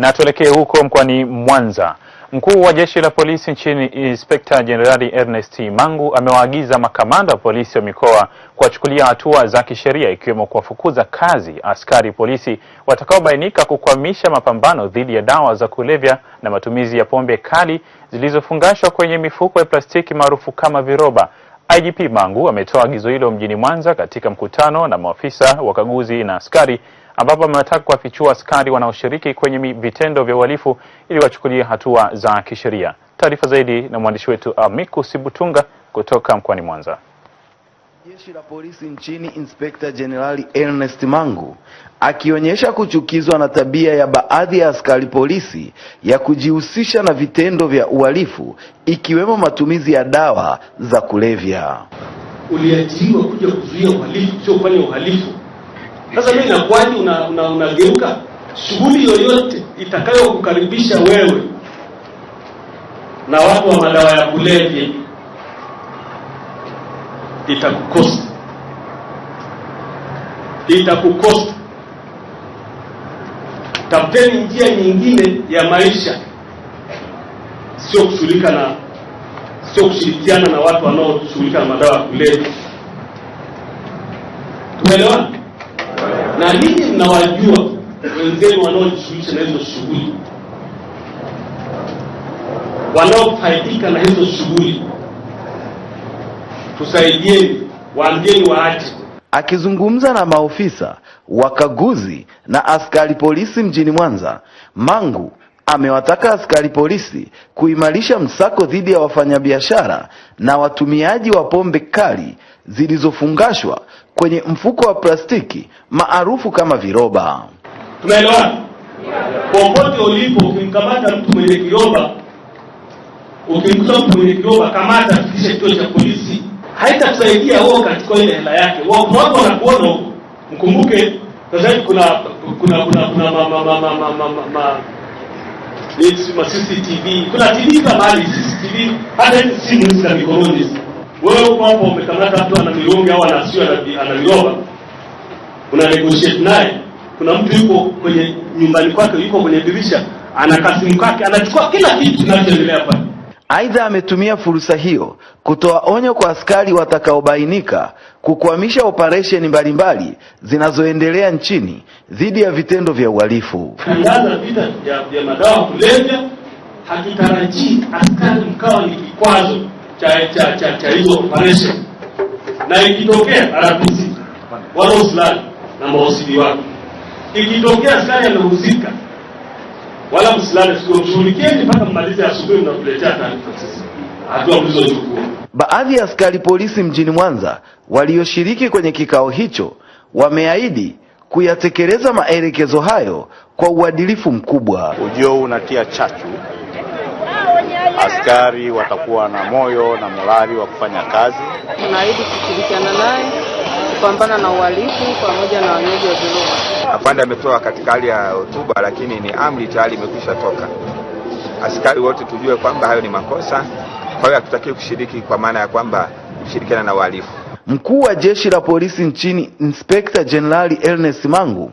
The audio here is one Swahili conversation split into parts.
Na tuelekee huko mkoani Mwanza. Mkuu wa jeshi la polisi nchini Inspekta Jenerali Ernest Mangu amewaagiza makamanda wa polisi wa mikoa kuwachukulia hatua za kisheria ikiwemo kuwafukuza kazi askari polisi watakaobainika kukwamisha mapambano dhidi ya dawa za kulevya na matumizi ya pombe kali zilizofungashwa kwenye mifuko ya plastiki maarufu kama viroba. IGP Mangu ametoa agizo hilo mjini Mwanza katika mkutano na maafisa wakaguzi na askari ambapo amewataka kuwafichua askari wanaoshiriki kwenye vitendo vya uhalifu ili wachukulie hatua za kisheria. Taarifa zaidi na mwandishi wetu Amiku Sibutunga kutoka mkoani Mwanza. Jeshi la polisi nchini, Inspekta Jenerali Ernest Mangu akionyesha kuchukizwa na tabia ya baadhi ya askari polisi ya kujihusisha na vitendo vya uhalifu ikiwemo matumizi ya dawa za kulevya. Uliajiriwa kuja kuzuia uhalifu, sio kufanya uhalifu. Sasa mimi nakuaje? Unageuka una, una shughuli yoyote itakayokukaribisha wewe na watu wa madawa ya kulevya itakukosa, itakukosa. Tafuteni njia nyingine ya maisha, sio kushughulika na sio kushirikiana na watu wanaoshughulika na madawa ya kulevya. Tumeelewana? na ninyi mnawajua wenzenu wanaojishughulisha na hizo shughuli, wanaofaidika na hizo shughuli, tusaidieni, waambieni waache. Akizungumza na maofisa wakaguzi na askari polisi mjini Mwanza, Mangu amewataka askari polisi kuimarisha msako dhidi ya wafanyabiashara na watumiaji wa pombe kali zilizofungashwa kwenye mfuko wa plastiki maarufu kama viroba. Tunaelewana? Popote ulipo, ukimkamata mtu mwenye kiroba, ukimkuta mtu mwenye kiroba, kamata, fikishe kituo cha polisi. Haitakusaidia wao katika ile hela yake, wao wanakuona huko. Mkumbuke sasa kuna kuna kuna, kuna, kuna, ma, ma, ma, ma, ma, ma, ma, ma CCTV, kuna TV za mali CCTV, hata hizi simu hizi za mikononi. Wewe uko hapo umekamata mtu ana migongo au anasio ana miroba, una negotiate naye. Kuna mtu yuko kwenye nyumbani kwake, yuko kwenye dirisha, ana kasimu kake, anachukua kila kitu kinachoendelea pale. Aidha, ametumia fursa hiyo kutoa onyo kwa askari watakaobainika kukwamisha operesheni mbalimbali zinazoendelea nchini dhidi ya vitendo vya uhalifu. Tangaza vita vya madawa kulevya. Hatutarajii askari mkawa ni kikwazo cha cha cha cha hizo operesheni, na ikitokea arabisi wala na mawasili wake ikitokea askari amehusika mpaka mmalize, asubuhi taarifa sisi hatua mlizochukua. Baadhi ya askari polisi mjini Mwanza walioshiriki kwenye kikao hicho wameahidi kuyatekeleza maelekezo hayo kwa uadilifu mkubwa. Ujio huu unatia chachu, askari watakuwa na moyo na morali wa kufanya kazi. Tunaahidi kushirikiana naye kupambana na uhalifu pamoja na wenyeji wa dhuluma. Afande ametoa katika hali ya hotuba, lakini ni amri tayari imekwisha toka. Askari wote tujue kwamba hayo ni makosa, kwa hiyo hatutakiwi kushiriki, kwa maana ya kwamba kushirikiana na uhalifu. Mkuu wa jeshi la polisi nchini Inspekta Jenerali Ernest Mangu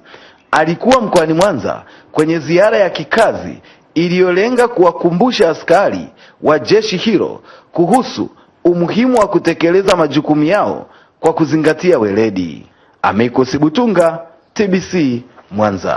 alikuwa mkoani Mwanza kwenye ziara ya kikazi iliyolenga kuwakumbusha askari wa jeshi hilo kuhusu umuhimu wa kutekeleza majukumu yao kwa kuzingatia weledi. Amiko Sibutunga, TBC Mwanza.